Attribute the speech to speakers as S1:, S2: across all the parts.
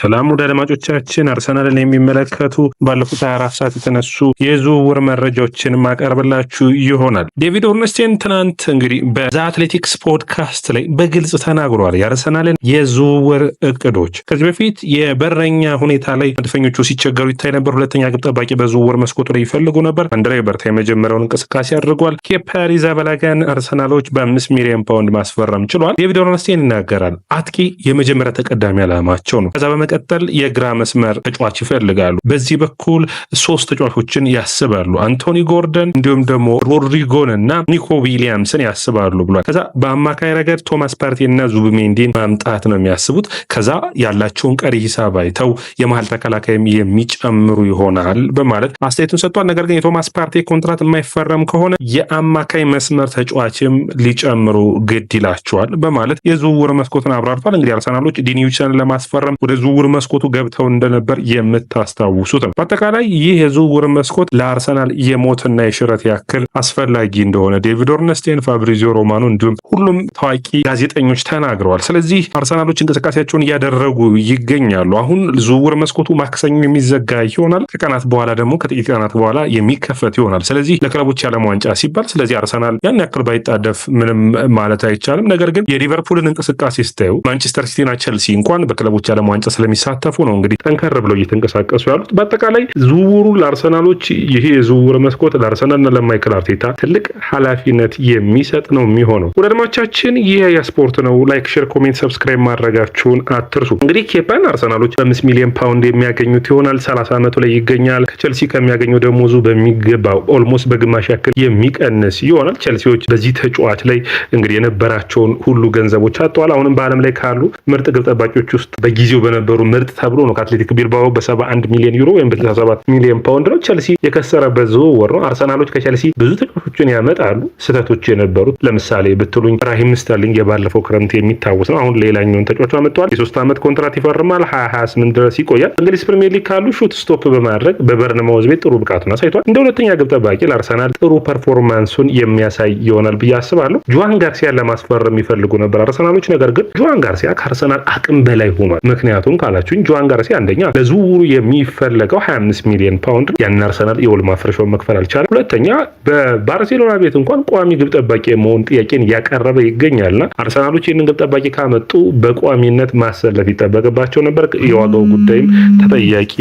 S1: ሰላም ወደ አድማጮቻችን አርሰናልን የሚመለከቱ ባለፉት 24 ሰዓት የተነሱ የዝውውር መረጃዎችን ማቀርብላችሁ ይሆናል። ዴቪድ ኦርንስቴን ትናንት እንግዲህ በዛ አትሌቲክስ ፖድካስት ላይ በግልጽ ተናግሯል። የአርሰናልን የዝውውር እቅዶች ከዚህ በፊት የበረኛ ሁኔታ ላይ መድፈኞቹ ሲቸገሩ ይታይ ነበር። ሁለተኛ ግብ ጠባቂ በዝውውር መስኮቱ ላይ ይፈልጉ ነበር። አንድሬ በርታ የመጀመሪያውን እንቅስቃሴ አድርጓል። ኬፓ አሪዛባላጋን አርሰናሎች በአምስት ሚሊዮን ፓውንድ ማስፈረም ችሏል። ዴቪድ ኦርንስቴን ይናገራል። አጥቂ የመጀመሪያ ተቀዳሚ ዓላማቸው ነው። ለመቀጠል የግራ መስመር ተጫዋች ይፈልጋሉ። በዚህ በኩል ሶስት ተጫዋቾችን ያስባሉ። አንቶኒ ጎርደን እንዲሁም ደግሞ ሮድሪጎን እና ኒኮ ዊሊያምስን ያስባሉ ብሏል። ከዛ በአማካይ ረገድ ቶማስ ፓርቲ እና ዙብሜንዲን ማምጣት ነው የሚያስቡት። ከዛ ያላቸውን ቀሪ ሂሳብ አይተው የመሀል ተከላካይም የሚጨምሩ ይሆናል በማለት አስተያየቱን ሰጥቷል። ነገር ግን የቶማስ ፓርቲ ኮንትራት የማይፈረም ከሆነ የአማካይ መስመር ተጫዋችም ሊጨምሩ ግድ ይላቸዋል በማለት የዝውውር መስኮትን አብራርቷል። እንግዲህ አርሰናሎች ዲኒዩችን ለማስፈረም ወደ ዝውውር የዝውውር መስኮቱ ገብተው እንደነበር የምታስታውሱት ነው። በአጠቃላይ ይህ የዝውውር መስኮት ለአርሰናል የሞትና የሽረት ያክል አስፈላጊ እንደሆነ ዴቪድ ኦርነስቴን፣ ፋብሪዚዮ ሮማኖ እንዲሁም ሁሉም ታዋቂ ጋዜጠኞች ተናግረዋል። ስለዚህ አርሰናሎች እንቅስቃሴያቸውን እያደረጉ ይገኛሉ። አሁን ዝውውር መስኮቱ ማክሰኞ የሚዘጋ ይሆናል። ከቀናት በኋላ ደግሞ ከጥቂት ቀናት በኋላ የሚከፈት ይሆናል። ስለዚህ ለክለቦች የዓለም ዋንጫ ሲባል ስለዚህ አርሰናል ያን ያክል ባይጣደፍ ምንም ማለት አይቻልም። ነገር ግን የሊቨርፑልን እንቅስቃሴ ስታዩ ማንቸስተር ሲቲና ቸልሲ እንኳን በክለቦች የዓለም ዋንጫ ስለ እንደሚሳተፉ ነው እንግዲህ ጠንከር ብለው እየተንቀሳቀሱ ያሉት። በአጠቃላይ ዝውውሩ ለአርሰናሎች ይሄ የዝውውር መስኮት ለአርሰናልና ለማይክል አርቴታ ትልቅ ኃላፊነት የሚሰጥ ነው የሚሆነው። አድማቻችን ይህ ያስፖርት ነው። ላይክ፣ ሼር፣ ኮሜንት፣ ሰብስክራይብ ማድረጋችሁን አትርሱ። እንግዲህ ኬፓን አርሰናሎች በአምስት ሚሊዮን ፓውንድ የሚያገኙት ይሆናል። ሰላሳ አመቱ ላይ ይገኛል። ከቸልሲ ከሚያገኘው ደሞዙ በሚገባ ኦልሞስት በግማሽ ያክል የሚቀንስ ይሆናል። ቸልሲዎች በዚህ ተጫዋች ላይ እንግዲህ የነበራቸውን ሁሉ ገንዘቦች አጥተዋል። አሁንም በዓለም ላይ ካሉ ምርጥ ግብ ጠባቂዎች ውስጥ በጊዜው በነበሩ የወሩ ምርጥ ተብሎ ነው ከአትሌቲክ ቢልባኦ በ71 ሚሊዮን ዩሮ ወይም በ67 ሚሊዮን ፓውንድ ነው። ቸልሲ የከሰረበት ዝውውር ነው። አርሰናሎች ከቸልሲ ብዙ ተጫዋቾችን ያመጣሉ። ስህተቶች የነበሩት ለምሳሌ ብትሉኝ ራሂም ስተርሊንግ የባለፈው ክረምት የሚታወስ ነው። አሁን ሌላኛውን ተጫዋች አመጥተዋል። የሶስት ዓመት ኮንትራት ይፈርማል። 2028 ድረስ ይቆያል። እንግሊዝ ፕሪሚየር ሊግ ካሉ ሹት ስቶፕ በማድረግ በበርነማውዝ ቤት ጥሩ ብቃቱን አሳይቷል። እንደ ሁለተኛ ግብ ጠባቂ ለአርሰናል ጥሩ ፐርፎርማንሱን የሚያሳይ ይሆናል ብዬ አስባለሁ። ጁዋን ጋርሲያን ለማስፈረም የሚፈልጉ ነበር አርሰናሎች። ነገር ግን ጁዋን ጋርሲያ ከአርሰናል አቅም በላይ ሆኗል። ምክንያቱም አላችሁኝ። ጆዋን ጋርሲያ አንደኛ ለዝውውሩ የሚፈለገው 25 ሚሊዮን ፓውንድ ያን አርሰናል የውል ማፍረሻውን መክፈል አልቻለም። ሁለተኛ በባርሴሎና ቤት እንኳን ቋሚ ግብ ጠባቂ የመሆን ጥያቄን ያቀረበ ይገኛልና አርሰናሎች ይህንን ግብ ጠባቂ ካመጡ በቋሚነት ማሰለፍ ይጠበቅባቸው ነበር። የዋጋው ጉዳይም ተጠያቂ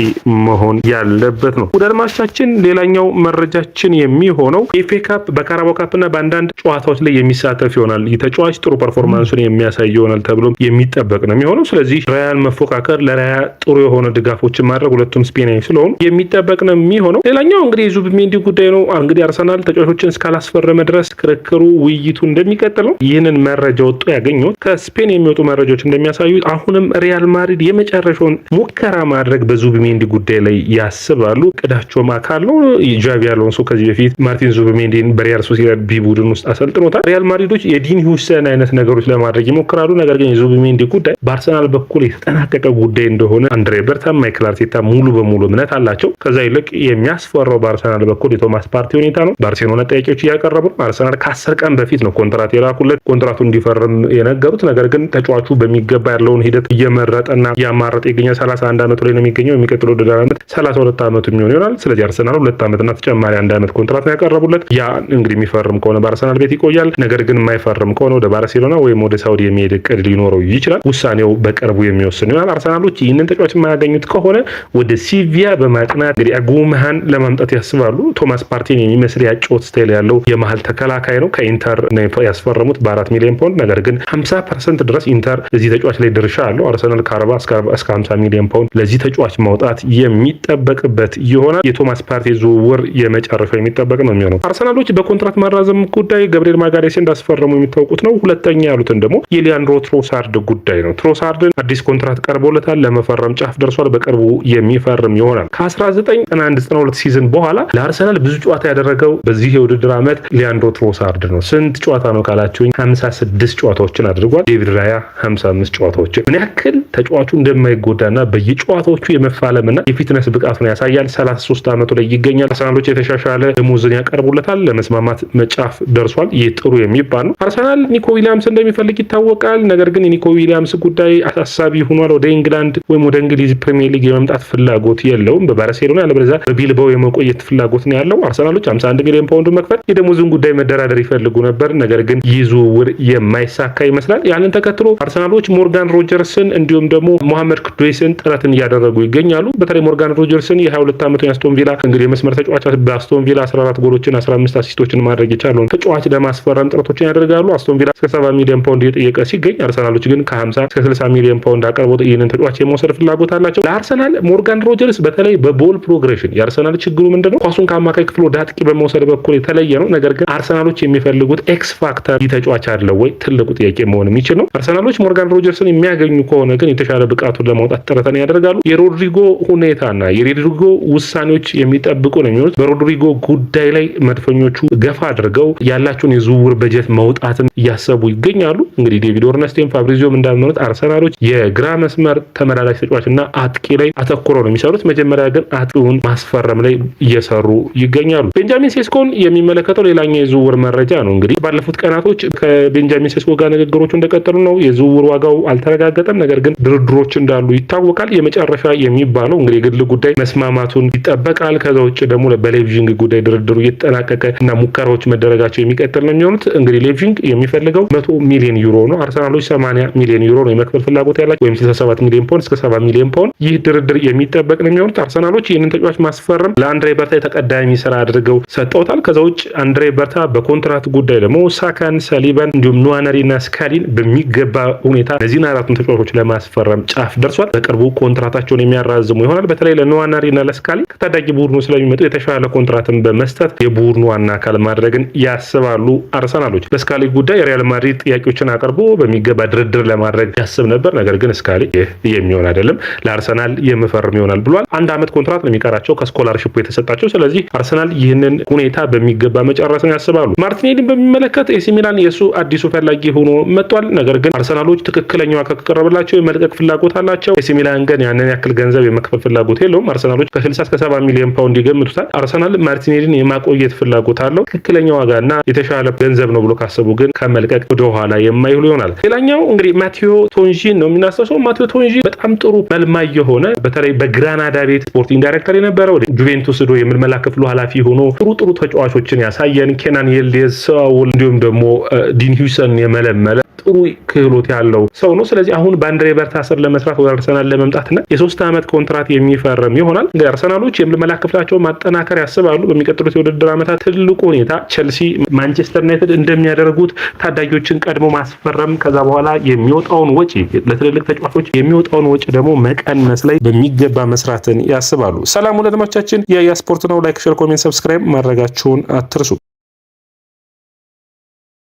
S1: መሆን ያለበት ነው። ወደ ሌላኛው መረጃችን የሚሆነው ኤፍ ኤ ካፕ በካራባው በአንዳንድ ጨዋታዎች ላይ የሚሳተፍ ይሆናል። ተጫዋች ጥሩ ፐርፎርማንሱን የሚያሳይ ይሆናል ተብሎ የሚጠበቅ ነው የሚሆነው። ስለዚህ ሪያል መፎካከል መምከር፣ ለራያ ጥሩ የሆነ ድጋፎችን ማድረግ ሁለቱም ስፔናዊ ስለሆኑ የሚጠበቅ ነው የሚሆነው። ሌላኛው እንግዲህ የዙቢሜንዲ ጉዳይ ነው። እንግዲህ አርሰናል ተጫዋቾችን እስካላስፈረመ ድረስ ክርክሩ፣ ውይይቱ እንደሚቀጥል ነው። ይህንን መረጃ ወጡ ያገኘሁት ከስፔን የሚወጡ መረጃዎች እንደሚያሳዩት አሁንም ሪያል ማድሪድ የመጨረሻውን ሙከራ ማድረግ በዙቢሜንዲ ጉዳይ ላይ ያስባሉ። ቅዳቸውም አካል ነው። ጃቪ አሎንሶ ከዚህ በፊት ማርቲን ዙቢሜንዲን በሪያል ሶሲዳድ ቢ ቡድን ውስጥ አሰልጥኖታል። ሪያል ማድሪዶች የዲን ሁሰን አይነት ነገሮች ለማድረግ ይሞክራሉ። ነገር ግን የዙቢሜንዲ ጉዳይ በአርሰናል በኩል የተጠናቀቀ ጉዳይ እንደሆነ አንድሬ በርታ፣ ማይክል አርቴታ ሙሉ በሙሉ እምነት አላቸው። ከዛ ይልቅ የሚያስፈራው በአርሰናል በኩል የቶማስ ፓርቲ ሁኔታ ነው። ባርሴሎና ጥያቄዎች እያቀረቡ አርሰናል ከአስር ቀን በፊት ነው ኮንትራት የላኩለት ኮንትራቱ እንዲፈርም የነገሩት። ነገር ግን ተጫዋቹ በሚገባ ያለውን ሂደት እየመረጠና እያማረጠ ይገኛል። ሰላሳ አንድ ዓመቱ ላይ ነው የሚገኘው። የሚቀጥለው ውድድር ዓመት ሰላሳ ሁለት ዓመቱ የሚሆን ይሆናል። ስለዚህ አርሰናል ሁለት ዓመትና ተጨማሪ አንድ ዓመት ኮንትራት ነው ያቀረቡለት። ያ እንግዲህ የሚፈርም ከሆነ በአርሰናል ቤት ይቆያል። ነገር ግን የማይፈርም ከሆነ ወደ ባርሴሎና ወይም ወደ ሳውዲ የሚሄድ እቅድ ሊኖረው ይችላል። ውሳኔው በቅርቡ የሚወስን ይሆናል። ፕሮፌሽናሎች ይህንን ተጫዋች የማያገኙት ከሆነ ወደ ሲቪያ በማቅናት እንግዲህ አጉመሃን ለማምጣት ያስባሉ። ቶማስ ፓርቲን የሚመስል ያጮት ስታይል ያለው የመሀል ተከላካይ ነው። ከኢንተር ያስፈረሙት በአራት ሚሊዮን ፓውንድ ነገር ግን ሀምሳ ፐርሰንት ድረስ ኢንተር እዚህ ተጫዋች ላይ ድርሻ አለው። አርሰናል ከአርባ እስከ ሀምሳ ሚሊዮን ፓውንድ ለዚህ ተጫዋች ማውጣት የሚጠበቅበት ይሆናል። የቶማስ ፓርቲ ዝውውር የመጨረሻው የሚጠበቅ ነው የሚሆነው። አርሰናሎች በኮንትራት ማራዘም ጉዳይ ገብርኤል ማጋሌሴ እንዳስፈረሙ የሚታወቁት ነው። ሁለተኛ ያሉትን ደግሞ የሊያንድሮ ትሮሳርድ ጉዳይ ነው። ትሮሳርድን አዲስ ኮንትራት ቀርቦለት ተፈርሞለታል። ለመፈረም ጫፍ ደርሷል። በቅርቡ የሚፈርም ይሆናል። ከ1991/92 ሲዝን በኋላ ለአርሰናል ብዙ ጨዋታ ያደረገው በዚህ የውድድር ዓመት ሊያንድሮ ትሮሳርድ ነው። ስንት ጨዋታ ነው ካላችሁኝ 56 ጨዋታዎችን አድርጓል። ዴቪድ ራያ 55 ጨዋታዎችን። ምን ያክል ተጫዋቹ እንደማይጎዳና በየጨዋታዎቹ የመፋለምና የፊትነስ ብቃቱን ያሳያል። 33 ዓመቱ ላይ ይገኛል። አርሰናሎች የተሻሻለ ደሞዝን ያቀርቡለታል። ለመስማማት መጫፍ ደርሷል። ይህ ጥሩ የሚባል ነው። አርሰናል ኒኮ ዊሊያምስ እንደሚፈልግ ይታወቃል። ነገር ግን የኒኮ ዊሊያምስ ጉዳይ አሳሳቢ ሆኗል። ወደ ኢንግላንድ ወይም ወደ እንግሊዝ ፕሪሚየር ሊግ የመምጣት ፍላጎት የለውም። በባርሴሎና ለበለዚያ በቢልባው የመቆየት ፍላጎት ነው ያለው። አርሰናሎች 51 ሚሊዮን ፓውንዱን መክፈል የደሞዙን ጉዳይ መደራደር ይፈልጉ ነበር፣ ነገር ግን ይህ ዝውውር የማይሳካ ይመስላል። ያንን ተከትሎ አርሰናሎች ሞርጋን ሮጀርስን እንዲሁም ደግሞ ሞሐመድ ኩዱስን ጥረትን እያደረጉ ይገኛሉ። በተለይ ሞርጋን ሮጀርስን የ22 ዓመቱ የአስቶን ቪላ እንግዲህ የመስመር ተጫዋች በአስቶን ቪላ 14 ጎሎችን 15 አሲስቶችን ማድረግ የቻለውን ተጫዋች ለማስፈረም ጥረቶችን ያደርጋሉ። አስቶን ቪላ እስከ 70 ሚሊዮን ፓውንድ እየጠየቀ ሲገኝ አርሰናሎች ግን ከ50 እስከ 60 ሚሊዮን ፓውንድ አቅርቦት ይህንን ተጫዋች የመውሰድ ፍላጎት አላቸው። ለአርሰናል ሞርጋን ሮጀርስ በተለይ በቦል ፕሮግሬሽን የአርሰናል ችግሩ ምንድን ነው? ኳሱን ከአማካይ ክፍል ወደ አጥቂ በመውሰድ በኩል የተለየ ነው። ነገር ግን አርሰናሎች የሚፈልጉት ኤክስ ፋክተር ተጫዋች አለው ወይ ትልቁ ጥያቄ መሆን የሚችል ነው። አርሰናሎች ሞርጋን ሮጀርስን የሚያገኙ ከሆነ ግን የተሻለ ብቃቱን ለማውጣት ጥረትን ያደርጋሉ። የሮድሪጎ ሁኔታና የሮድሪጎ ውሳኔዎች የሚጠብቁ ነው የሚሆኑት። በሮድሪጎ ጉዳይ ላይ መድፈኞቹ ገፋ አድርገው ያላቸውን የዝውውር በጀት መውጣትን እያሰቡ ይገኛሉ። እንግዲህ ዴቪድ ኦርነስቴን ፋብሪዚዮም እንዳመኑት አርሰናሎች የግራ መስመር ተመላላሽ ተጫዋችና አጥቂ ላይ አተኩረው ነው የሚሰሩት። መጀመሪያ ግን አጥቂውን ማስፈረም ላይ እየሰሩ ይገኛሉ። ቤንጃሚን ሴስኮን የሚመለከተው ሌላኛው የዝውውር መረጃ ነው። እንግዲህ ባለፉት ቀናቶች ከቤንጃሚን ሴስኮ ጋር ንግግሮቹ እንደቀጠሉ ነው። የዝውውር ዋጋው አልተረጋገጠም፣ ነገር ግን ድርድሮች እንዳሉ ይታወቃል። የመጨረሻ የሚባለው እንግዲህ የግል ጉዳይ መስማማቱን ይጠበቃል። ከዛ ውጭ ደግሞ በሌቭዥንግ ጉዳይ ድርድሩ እየተጠናቀቀ እና ሙከራዎች መደረጋቸው የሚቀጥል ነው የሚሆኑት። እንግዲህ ሌቪንግ የሚፈልገው መቶ ሚሊዮን ዩሮ ነው። አርሰናሎች 80 ሚሊዮን ዩሮ ነው የመክፈል ፍላጎት ያላቸው ወይም 67 ሚሊዮን ሚሊዮን ፓውንድ እስከ 70 ሚሊዮን ፓውንድ ይህ ድርድር የሚጠበቅ ነው የሚሆኑት። አርሰናሎች ይህንን ተጫዋች ማስፈረም ለአንድሬ በርታ የተቀዳሚ ስራ አድርገው ሰጠውታል። ከዛ ውጭ አንድሬ በርታ በኮንትራት ጉዳይ ደግሞ ሳካን፣ ሰሊባን እንዲሁም ኑዋነሪና ስካሊን በሚገባ ሁኔታ እነዚህን አራቱን ተጫዋቾች ለማስፈረም ጫፍ ደርሷል። በቅርቡ ኮንትራታቸውን የሚያራዝሙ ይሆናል። በተለይ ለኑዋነሪና ለስካሊን ከታዳጊ ቡድኑ ስለሚመጡ የተሻለ ኮንትራትን በመስጠት የቡድኑ ዋና አካል ማድረግን ያስባሉ አርሰናሎች። ለስካሊ ጉዳይ የሪያል ማድሪድ ጥያቄዎችን አቅርቦ በሚገባ ድርድር ለማድረግ ያስብ ነበር። ነገር ግን እስካሌ ይህ የሚሆን አይደለም። ለአርሰናል የምፈርም ይሆናል ብሏል። አንድ አመት ኮንትራት ነው የሚቀራቸው ከስኮላርሽፑ የተሰጣቸው። ስለዚህ አርሰናል ይህንን ሁኔታ በሚገባ መጨረስን ያስባሉ። ማርቲኔሊን በሚመለከት ኤሲ ሚላን የእሱ አዲሱ ፈላጊ ሆኖ መጥቷል። ነገር ግን አርሰናሎች ትክክለኛ ከቀረበላቸው የመልቀቅ ፍላጎት አላቸው። ኤሲ ሚላን ግን ያንን ያክል ገንዘብ የመክፈል ፍላጎት የለውም። አርሰናሎች ከ60 እስከ 70 ሚሊዮን ፓውንድ ይገምቱታል። አርሰናል ማርቲኔሊን የማቆየት ፍላጎት አለው። ትክክለኛ ዋጋና የተሻለ ገንዘብ ነው ብሎ ካሰቡ ግን ከመልቀቅ ወደኋላ የማይሉ ይሆናል። ሌላኛው እንግዲህ ማቴዎ ቶንጂን ነው የሚናሰሰው ማቴዎ ቶንጂ እንጂ በጣም ጥሩ መልማ የሆነ በተለይ በግራናዳ ቤት ስፖርቲንግ ዳይሬክተር የነበረ ወደ ጁቬንቱስ ዶ የምልመላ ክፍሉ ኃላፊ ሆኖ ጥሩ ጥሩ ተጫዋቾችን ያሳየን ኬናን የልዴዝ ሰውል እንዲሁም ደግሞ ዲን ሂውሰን የመለመለ ጥሩ ክህሎት ያለው ሰው ነው። ስለዚህ አሁን በአንድሬ በርታ ስር ለመስራት ወደ አርሰናል ለመምጣትና የሶስት ዓመት ኮንትራት የሚፈርም ይሆናል። እንግዲህ አርሰናሎች የምልመላ ክፍላቸውን ማጠናከር ያስባሉ። በሚቀጥሉት የውድድር ዓመታት ትልቁ ሁኔታ ቸልሲ፣ ማንቸስተር ዩናይትድ እንደሚያደርጉት ታዳጊዎችን ቀድሞ ማስፈረም ከዛ በኋላ የሚወጣውን ወጪ ለትልልቅ ተጫዋቾች የሚወጣውን ወጪ ደግሞ መቀነስ ላይ በሚገባ መስራትን ያስባሉ። ሰላም ወዳጆቻችን፣ የያ ስፖርት ነው። ላይክ፣ ሼር፣ ኮሜንት፣ ሰብስክራይብ ማድረጋችሁን አትርሱ።